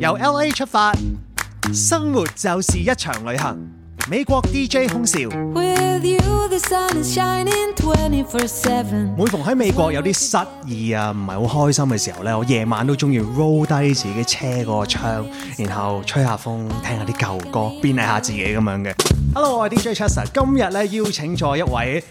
由 L A 出發，生活就是一場旅行。美國 D J 空少，With you, the sun is shining 24/7，每逢喺美國有啲失意啊，唔係好開心嘅時候咧，我夜晚都中意 roll 低自己車嗰個窗，然後吹下風，聽下啲舊歌，勉勵下自己咁樣嘅。Hello，我係 D J Chester，今日咧邀請咗一位。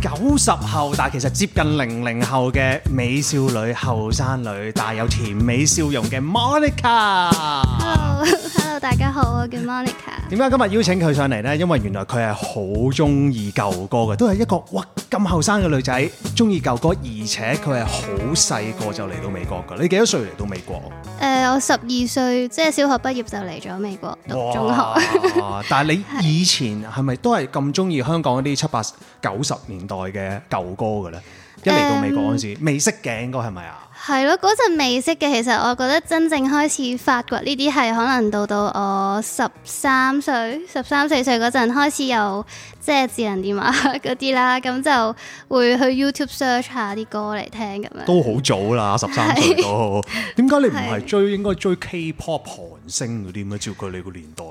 九十後，但其實接近零零後嘅美少女、後生女，帶有甜美笑容嘅 Monica。大家好，我叫 Monica。點解今日邀請佢上嚟呢？因為原來佢係好中意舊歌嘅，都係一個哇，咁後生嘅女仔中意舊歌，而且佢係好細個就嚟到美國噶。你幾多歲嚟到美國？誒、呃，我十二歲，即、就、係、是、小學畢業就嚟咗美國讀中學。哇 但係你以前係咪都係咁中意香港啲七八九十年代嘅舊歌嘅咧？一嚟到美國嗰時未、呃、識勁歌係咪啊？是係咯，嗰陣未識嘅，其實我覺得真正開始發掘呢啲係可能到到我十三歲、十三四歲嗰陣開始有即係智能電話嗰啲啦，咁就會去 YouTube search 下啲歌嚟聽咁樣。都好早啦，十三歲都。點解 你唔係追應該追 K-pop 韓星嗰啲咁照佢你個年代。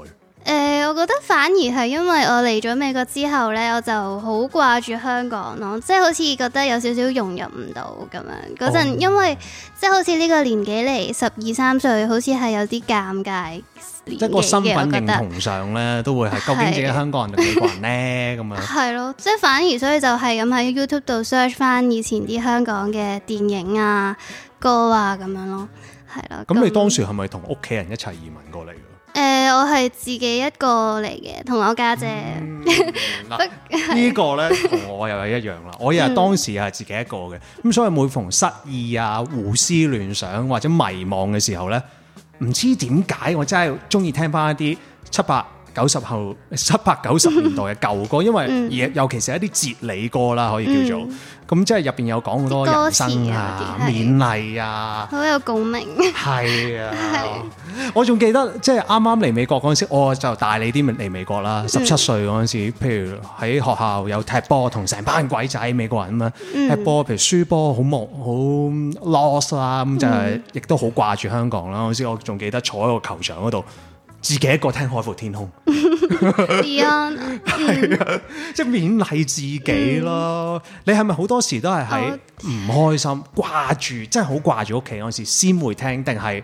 誒，我覺得反而係因為我嚟咗美國之後呢，我就好掛住香港咯，即、就、係、是、好似覺得有少少融入唔到咁樣。嗰陣因為、哦、即係好似呢個年紀嚟，十二三歲，好似係有啲尷尬年紀，即係個身份認同上呢，都會係究竟自己香港人定美國人呢咁樣。係咯，即係反而所以就係咁喺 YouTube 度 search 翻以前啲香港嘅電影啊、歌啊咁樣咯，係咯。咁、嗯、你當時係咪同屋企人一齊移民過嚟？誒、呃，我係自己一個嚟嘅，同我家姐，姐。嗱、嗯，呢 個咧同我又係一樣啦， 我又係當時係自己一個嘅，咁所以每逢失意啊、胡思亂想或者迷惘嘅時候咧，唔知點解我真係中意聽翻一啲七八。九十後七、八、九十年代嘅舊歌，因為而尤其是一啲哲理歌啦，可以叫做咁，嗯、即係入邊有講好多人生啊、勉勵啊，好有共鳴。係啊， 啊我仲記得即係啱啱嚟美國嗰陣時，我就大你啲嚟美國啦，十七歲嗰陣時，嗯、譬如喺學校有踢波，同成班鬼仔美國人咁樣踢波，譬如輸波好忙，好 lost 啦，咁就亦都好掛住香港啦。嗰時我仲記得坐喺個球場嗰度。自己一個聽《海闊天空》，即係勉勵自己咯。 你係咪好多時都係喺唔開心、掛住，真係好掛住屋企嗰陣時先會聽，定係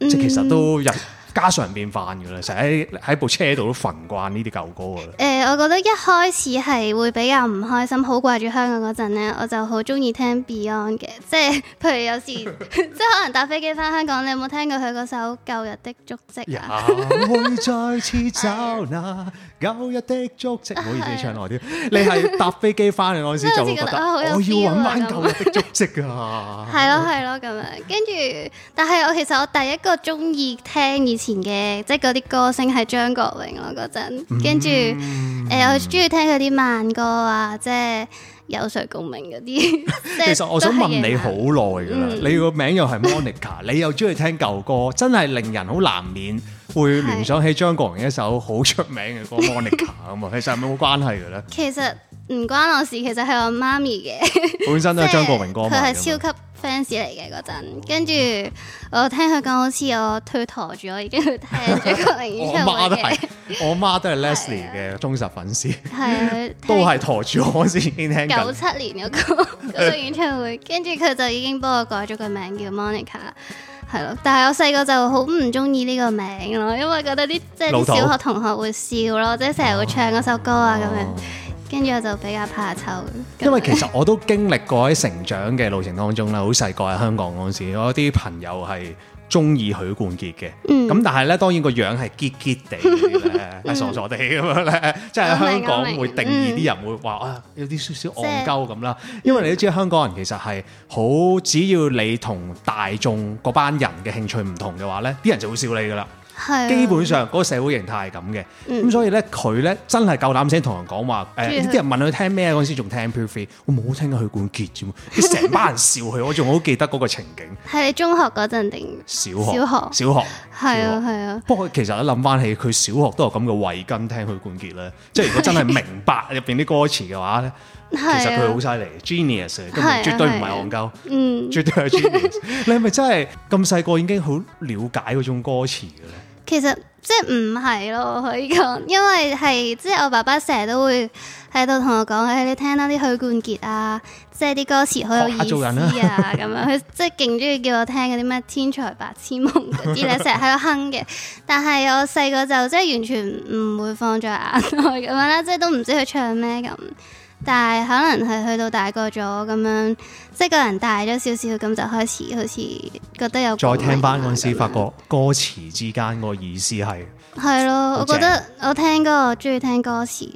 即係其實都入？ 家常便飯㗎啦，成日喺部車度都馴慣呢啲舊歌㗎啦。誒，我覺得一開始係會比較唔開心，好掛住香港嗰陣咧，我就好中意聽 Beyond 嘅，即係譬如有時即係可能搭飛機翻香港，你有冇聽過佢嗰首《舊日的足跡》啊？會再次找那舊日的足跡，唔好意思唱耐啲。你係搭飛機翻嚟我先就會覺得我要揾翻舊日的足跡㗎。係咯係咯咁樣，跟住但係我其實我第一個中意聽以前嘅即係嗰啲歌星係張國榮咯，嗰陣跟住誒，我中意聽佢啲慢歌啊，即係有誰共鳴嗰啲。 其實我想問你好耐噶啦，嗯、你個名又係 Monica， 你又中意聽舊歌，真係令人好難免會聯想起張國榮一首好出名嘅歌 Monica 咁啊，其實係咪冇關係噶咧？ 其實唔關我事，其實係我媽咪嘅，本身都係張國榮歌迷佢係超級。fans 嚟嘅，嗰陣跟住我聽佢講，好似我推陀住我已經去聽嗰個演唱會 我媽都係，我媽都係 Leslie 嘅忠實粉絲，係、啊、 都係陀住我先聽九七年嗰個 演唱會，跟住佢就已經幫我改咗個名叫 Monica，係咯、啊，但係我細個就好唔中意呢個名咯，因為覺得啲即係啲小學同學會笑咯，或者成日會唱嗰首歌啊咁樣。啊啊跟住我就比較怕醜，因為其實我都經歷過喺成長嘅路程當中啦，好細個喺香港嗰陣時，我啲朋友係中意許冠傑嘅，咁、嗯、但係咧當然個樣係結結地咧，係、嗯、傻傻地咁樣咧，即 係香港、嗯、會定義啲人、嗯、會話啊有啲少少戇鳩咁啦，就是、因為你都知道香港人其實係好，只要你同大眾嗰班人嘅興趣唔同嘅話咧，啲人就會笑你噶啦。基本上嗰，那個社會形態係咁嘅，咁、嗯、所以咧佢咧真係夠膽聲同人講話，誒啲、呃、人問佢聽咩嗰陣時仲聽 p u r fee，我冇聽過許冠傑啫嘛，你成班人笑佢， 我仲好記得嗰個情景。係你中學嗰陣定小學？小學。小學。係啊係啊，不過其實我諗翻起佢小學都有咁嘅慧根聽許冠傑啦，即係如果真係明白入邊啲歌詞嘅話咧。的 其實佢好犀利，genius，的絕對唔係憨鳩，嗯、絕對係 genius。 你係咪真係咁細個已經好了解嗰種歌詞嘅咧？其實即係唔係咯，可以講，因為係即係我爸爸成日都會喺度同我講，誒、哎，你聽翻啲許冠傑啊，即係啲歌詞好有意思啊，咁、啊、 樣，佢即係勁中意叫我聽嗰啲咩天才白痴夢嗰啲咧，成日喺度哼嘅。但係我細個就即係完全唔會放在眼內咁樣啦，即係都唔知佢唱咩咁。但係可能係去到大個咗咁樣，即係個人大咗少少咁，就開始好似覺得有再聽翻嗰時，發覺歌詞之間個意思係係咯，我覺得我聽歌我中意聽歌詞，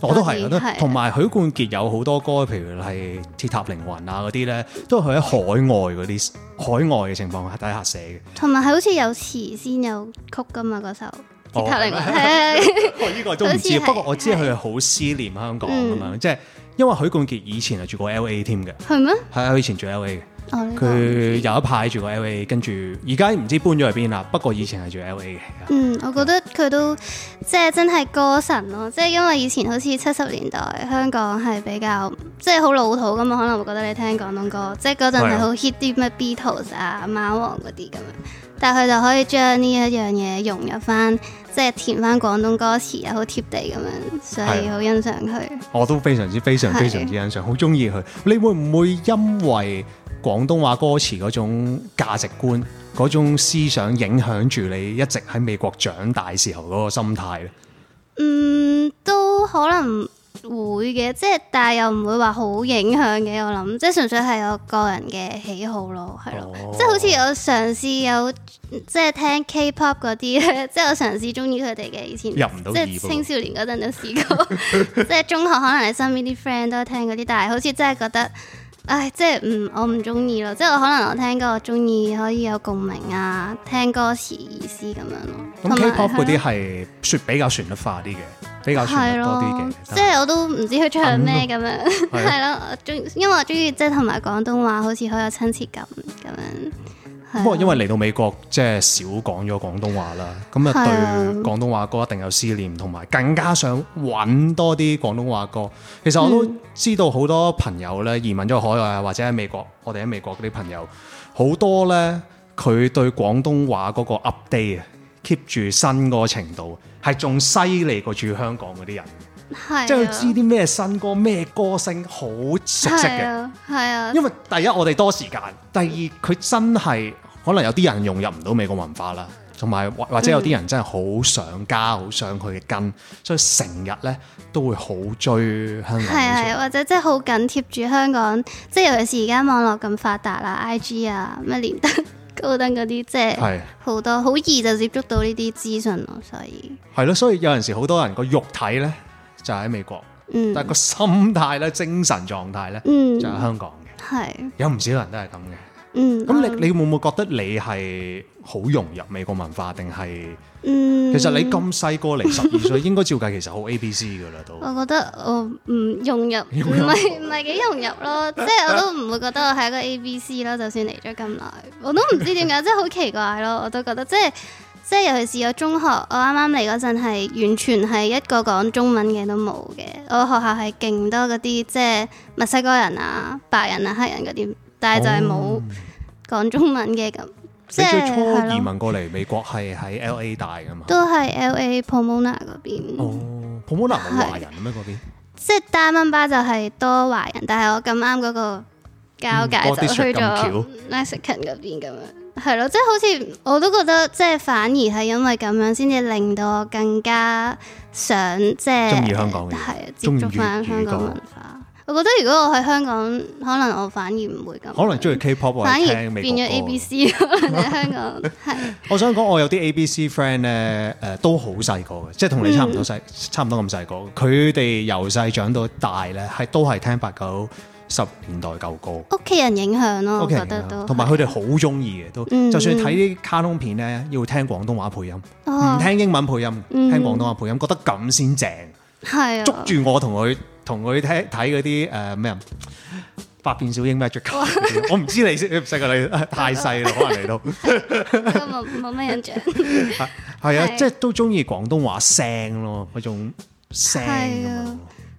我都係覺得。同埋許冠傑有好多歌，譬如係《鐵塔凌雲》啊嗰啲咧，都係喺海外嗰啲海外嘅情況底下寫嘅。同埋係好似有詞先有曲噶嘛嗰首。Oh, 嗎 哦，係、這、係、個，我呢個都唔知，不過我知佢係好思念香港咁樣，即係、嗯、嗎因為許冠傑以前係住過 L A 添嘅，係咩嗎？係啊，佢以前住 L A 嘅。佢、哦、有一排住個 LA，跟住而家唔知搬咗去邊啦。不過以前係住 LA 嘅。嗯，的我覺得佢都即係真係歌神咯、哦。即係因為以前好似七十年代香港係比較即係好老土噶嘛，可能會覺得你聽廣東歌，即係嗰陣係好 hit 啲咩 Beatles, 的 啊、貓王嗰啲咁樣。但係佢就可以將呢一樣嘢融入翻，即係填翻廣東歌詞又、啊、好貼地咁樣，所以好欣賞佢。我都非常之非常非常之欣賞，好中意佢。你會唔會因為？廣東話歌詞嗰種價值觀、嗰種思想影響住你一直喺美國長大時候嗰個心態咧。嗯，都可能會嘅，即係但係又唔會話好影響嘅。我諗即係純粹係我個人嘅喜好咯，係咯。即係、哦、好似、就是就是、我嘗試有即係聽 K-pop 嗰啲即係我嘗試中意佢哋嘅以前，入唔到。即係青少年嗰陣都試過。即係 中學可能你身邊啲 friend 都聽嗰啲，但係好似真係覺得。唉，即係，嗯，我唔中意咯，即係我可能我聽歌我中意可以有共鳴啊，聽歌詞意思咁樣咯。咁 K-pop 嗰啲係說比較旋律化啲嘅，比較，係咯，是即係我都唔知佢唱咩咁，嗯、樣，係咯，中 因為我中意即係同埋廣東話好似好有親切感咁樣。不過因為嚟到美國，即係少講咗廣東話啦，咁啊對廣東話歌一定有思念，同埋更加想揾多啲廣東話歌。其實我都知道好多朋友呢，移民咗海外，或者喺美國，我哋喺美國嗰啲朋友好多呢，佢對廣東話嗰個 update 啊，keep 住新嗰個程度係仲犀利過住香港嗰啲人。啊、即係佢知啲咩新歌，咩歌星好熟悉嘅。係啊，啊因為第一我哋多時間，第二佢真係可能有啲人融入唔到美國文化啦，同埋或或者有啲人真係好想加好、嗯、想佢嘅根，所以成日咧都會好追香港係係、啊啊，或者即係好緊貼住香港。即係尤其是而家網絡咁發達啦，I G 啊，咩連登高登嗰啲，即係好多好、啊、易就接觸到呢啲資訊咯。所以係咯、啊，所以有陣時好多人個肉體咧。就喺美國，但係個心態咧、精神狀態咧，就喺香港嘅。係、嗯、有唔少人都係咁嘅。嗯，咁你你會唔會覺得你係好融入美國文化定係？嗯，其實你咁細個嚟十二歲，應該照計其實好 A B C 噶啦都。 我覺得我唔融入，唔係唔係幾融入咯。即係 我都唔會覺得我係一個 A B C 啦。就算嚟咗咁耐，我都唔知點解，即係好奇怪咯。我都覺得即係。即係即係尤其是我中學，我啱啱嚟嗰陣係完全係一個講中文嘅都冇嘅。我學校係勁多嗰啲即係墨西哥人啊、白人啊、黑人嗰啲，但係就係冇講中文嘅咁。哦、即係是你最初移民過嚟美國係喺 LA 大嘅嘛？都係 LA Pomona 嗰邊。哦，Pomona 係華人咩嗰是的邊？即係丹麥巴就係多華人，但係我咁啱嗰個交界就去咗 Mexican 嗰邊咁樣。係咯，即係好似我都覺得，即係反而係因為咁樣，先至令到我更加想即係中意香港嘅，係接觸翻香港文化。越越我覺得如果我喺香港，可能我反而唔會咁，可能中意 K-pop 反而變咗 A B C 可能喺香港。係我想講，我有啲 A B C friend 咧，誒，都好細個嘅，即係同你差唔多細，嗯、差唔多咁細個。佢哋由細長到大咧，係都係聽八九。十年代舊歌，屋企人影響咯，屋企人得都，同埋佢哋好中意嘅都，就算睇啲卡通片咧，要聽廣東話配音，唔聽英文配音，聽廣東話配音，覺得咁先正。係啊，捉住我同佢同佢聽睇嗰啲誒咩啊，百變小櫻咩 Magic，我唔知你，你識唔識啊你，太細啦，可能嚟到，冇冇咩印象。係啊，即係都中意廣東話聲咯，嗰種聲啊。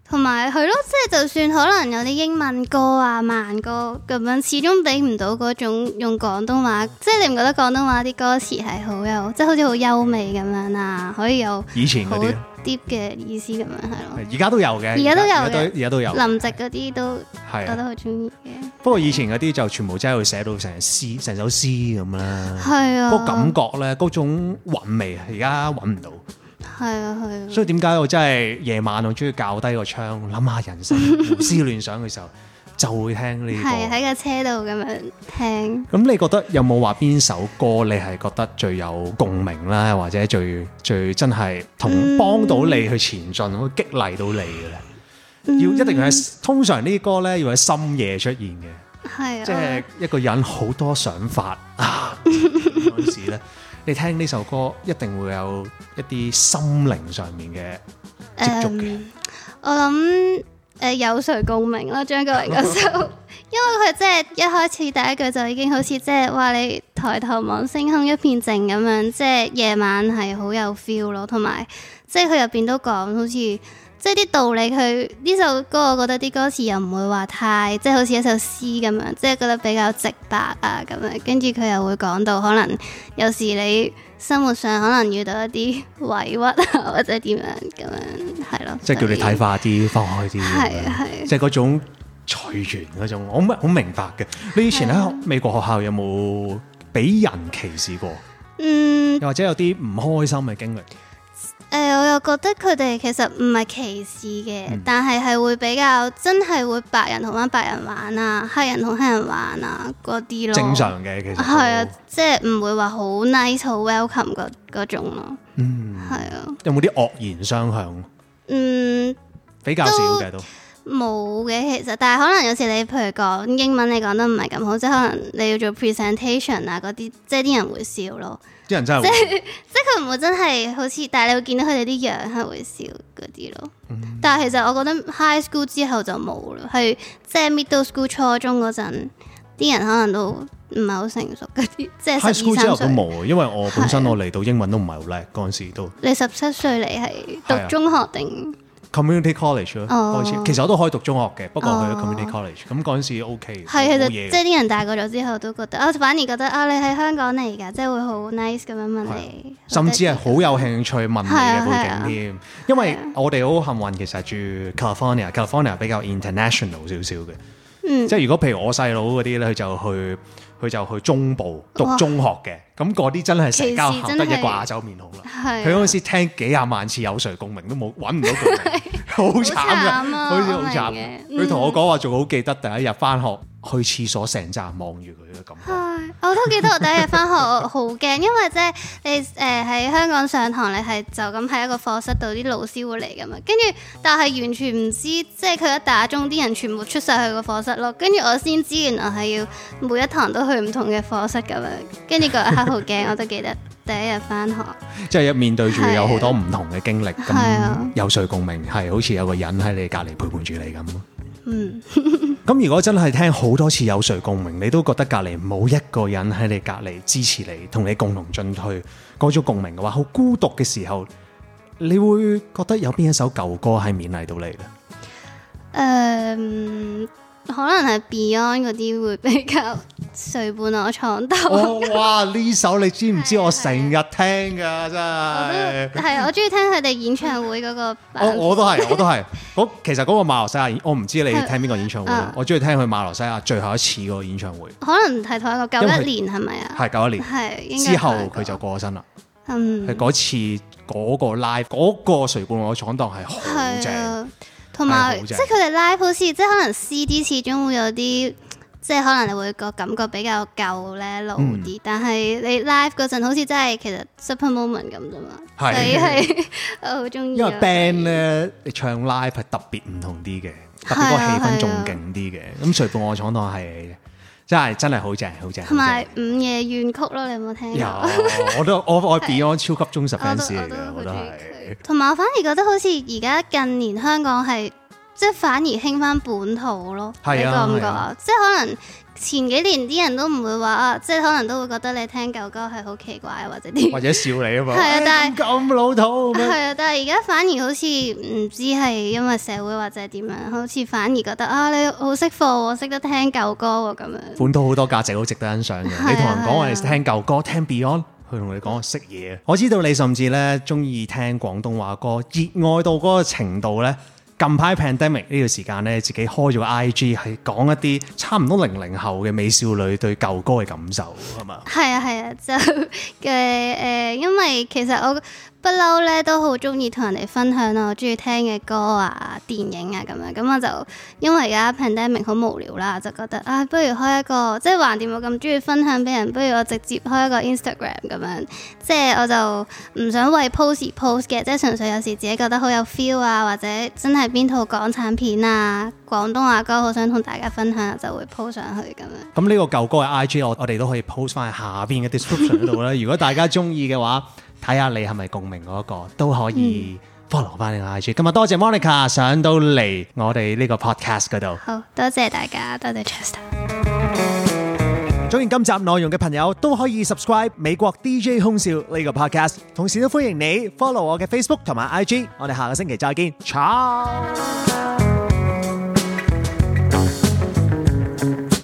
同埋係咯，即係就算可能有啲英文歌啊、慢歌咁樣，始終畀唔到嗰種用廣東話。即係你唔覺得廣東話啲歌詞係好有，即係好似好優美咁樣啊，可以有以前嗰啲 deep 嘅意思咁樣係咯。而家都有嘅，而家都有嘅，而家都有。林夕嗰啲都係我都好中意嘅。不過、啊、以前嗰啲就全部真係會寫到成詩，成首詩咁啦。係啊，嗰感覺咧，嗰種韻味而家揾唔到。係啊，係啊。所以點解我真係夜晚我中意校低個窗，諗下人生胡思亂想嘅時候，就會聽呢啲。係喺個車度咁樣聽。咁你覺得有冇話邊首歌你係覺得最有共鳴啦，或者最最真係同幫到你去前進，激勵到你嘅咧？要一定係通常呢啲歌咧，要喺深夜出現嘅，即係一個人好多想法啊陣時咧。你聽呢首歌一定會有一啲心靈上面嘅接觸嘅、um, 我諗、呃、有誰共鳴啦張國榮嗰首， 因為佢即係一開始第一句就已經好似即係話你抬頭望星空一片靜咁樣，即係夜晚係好有 feel 咯，同埋即係佢入邊都講好似。即係啲道理，佢呢首歌，我覺得啲歌詞又唔會話太，即係好似一首詩咁樣，即係覺得比較直白啊咁樣。跟住佢又會講到，可能有時你生活上可能遇到一啲委屈啊或者點樣咁樣，係咯。即係叫你睇化啲，放開啲，係係。即係嗰種隨緣嗰種，我唔係好明白嘅。你以前喺美國學校有冇俾人歧視過？的嗯，又或者有啲唔開心嘅經歷？誒、哎，我又覺得佢哋其實唔係歧視嘅，嗯、但係係會比較真係會白人同翻白人玩啊，黑人同黑人玩啊嗰啲咯。正常嘅其實係啊的，嗯、即係唔會話好 nice 好 welcome 嗰種咯。嗯的，係啊。有冇啲惡言相向？嗯，比較少嘅都冇嘅，其實。但係可能有時你譬如講英文，你講得唔係咁好，即係可能你要做 presentation 啊嗰啲，即係啲人會笑咯。啲人真係即係佢唔會真係好似，但係你會見到佢哋啲樣係會笑嗰啲咯。嗯、但係其實我覺得 high school 之後就冇啦，係即係 middle school 初中嗰陣，啲人可能都唔係好成熟嗰啲。即係 high school 歲之後都冇，因為我本身我嚟到英文都唔係好叻，嗰陣、啊、時都你十七歲嚟係讀中學定？Community College 咯，開始其實我都可以讀中學嘅，不過去 Community College，咁嗰陣時 OK 嘅。係其實即係啲人大個咗之後，都覺得我反而覺得啊，你喺香港嚟㗎，即係會好 nice 咁樣問你，甚至係好有興趣問你嘅背景添。因為我哋好幸運，其實住 California，California 比較 international 少少嘅。即係如果譬如我細佬嗰啲咧，佢就去佢就去中部讀中學嘅，咁嗰啲真係成交得一個亞洲面孔啦。佢嗰陣時聽幾廿萬次有誰共鳴都冇揾唔到伴。好慘啊，佢好慘，佢同我講話仲好記得第一日返學。去廁所成站望住佢嘅感覺，我都記得我第一日翻學好驚，因為即係你誒喺香港上堂，你係就咁喺一個課室度，啲老師會嚟噶嘛，跟住但係完全唔知，即係佢一打鐘，啲人全部出晒去個課室咯，跟住我先知原來係要每一堂都去唔同嘅課室咁樣，跟住嗰一刻好驚，我都記得第一日翻學， 即係一面對住有好多唔同嘅經歷，係啊的，有誰共鳴？係的好似有個人喺你隔離陪伴住你咁。嗯，咁 如果真係聽好多次有誰共鳴，你都覺得隔籬冇一個人喺你隔籬支持你，同你共同進退，嗰種共鳴嘅話，好孤獨嘅時候，你會覺得有邊一首舊歌係勉勵到你嘅？呃，可能係 Beyond 嗰啲會比較。誰伴我闖蕩？哇！呢首你知唔知？我成日聽噶真係。係啊，我中意聽佢哋演唱會嗰個。我都係，我都係。其實嗰個馬來西亞，我唔知你聽邊個演唱會。我中意聽佢馬來西亞最後一次嗰個演唱會。可能係同一個九一年係咪啊？係九一年。係。之後佢就過身啦。嗯。係嗰次嗰個 live，嗰個誰伴我闖蕩係好正。係啊。同埋即係佢哋 live 好似，即係可能 CD 始終會有啲。即係可能你會個感覺比較舊咧老啲，嗯、但係你 live 嗰陣好似真係其實 super moment 咁啫嘛，的所以係 我好中意。因為 band 咧，你的唱 live 係特別唔同啲嘅，特別個氣氛仲勁啲嘅。咁誰伴我闖蕩係真係真係好正好正。同埋午夜怨曲咯，你有冇聽？ 有，我都我愛 Beyond 的超級忠實 fans 嚟嘅，我都係。同埋我反而覺得好似而家近年香港係。即係反而興翻本土咯，啊、你覺唔覺啊？啊即係可能前幾年啲人都唔會話，即係可能都會覺得你聽舊歌係好奇怪或者點，或者笑你啊嘛。係啊，但係咁老土咁樣，係啊，但係而家反而好似唔知係因為社會或者點樣，好似反而覺得啊，你好識貨，識得聽舊歌喎咁樣。本土好多價值好值得欣賞嘅。啊、你同人講話聽舊歌，啊啊、聽 Beyond，佢同你講我識嘢。我知道你甚至咧中意聽廣東話歌，熱愛到嗰個程度咧。近排 pandemic 呢段時間咧，自己開咗 IG 係講一啲差唔多零零後嘅美少女對舊歌嘅感受，係嘛？係啊係啊，就嘅誒，因為其實我。不嬲咧，都好中意同人哋分享啊！我中意聽嘅歌啊、電影啊，咁樣，咁我就因為而家 pandemic 好無聊啦，我就覺得啊，不如開一個即係橫掂我咁中意分享俾人，不如我直接開一個 Instagram 咁樣，即係我就唔想為 post post 嘅，即係純粹有時自己覺得好有 feel 啊，或者真係邊套港產片啊、廣東話歌好想同大家分享，就會 post 上去咁樣。咁呢個舊歌嘅 IG 我我哋都可以 post 翻喺下邊嘅 description 度啦。 如果大家中意嘅話。睇下你係咪共鳴嗰個，都可以 follow 翻你個 IG。今日多謝 Monica 上到嚟我哋呢個 podcast 嗰度。好多謝大家，多謝 Chester。鍾意今集內容嘅朋友都可以 subscribe 美國 DJ 空少呢個 podcast。同時都歡迎你 follow 我嘅 Facebook 同埋 IG。我哋下個星期再見，Cheers。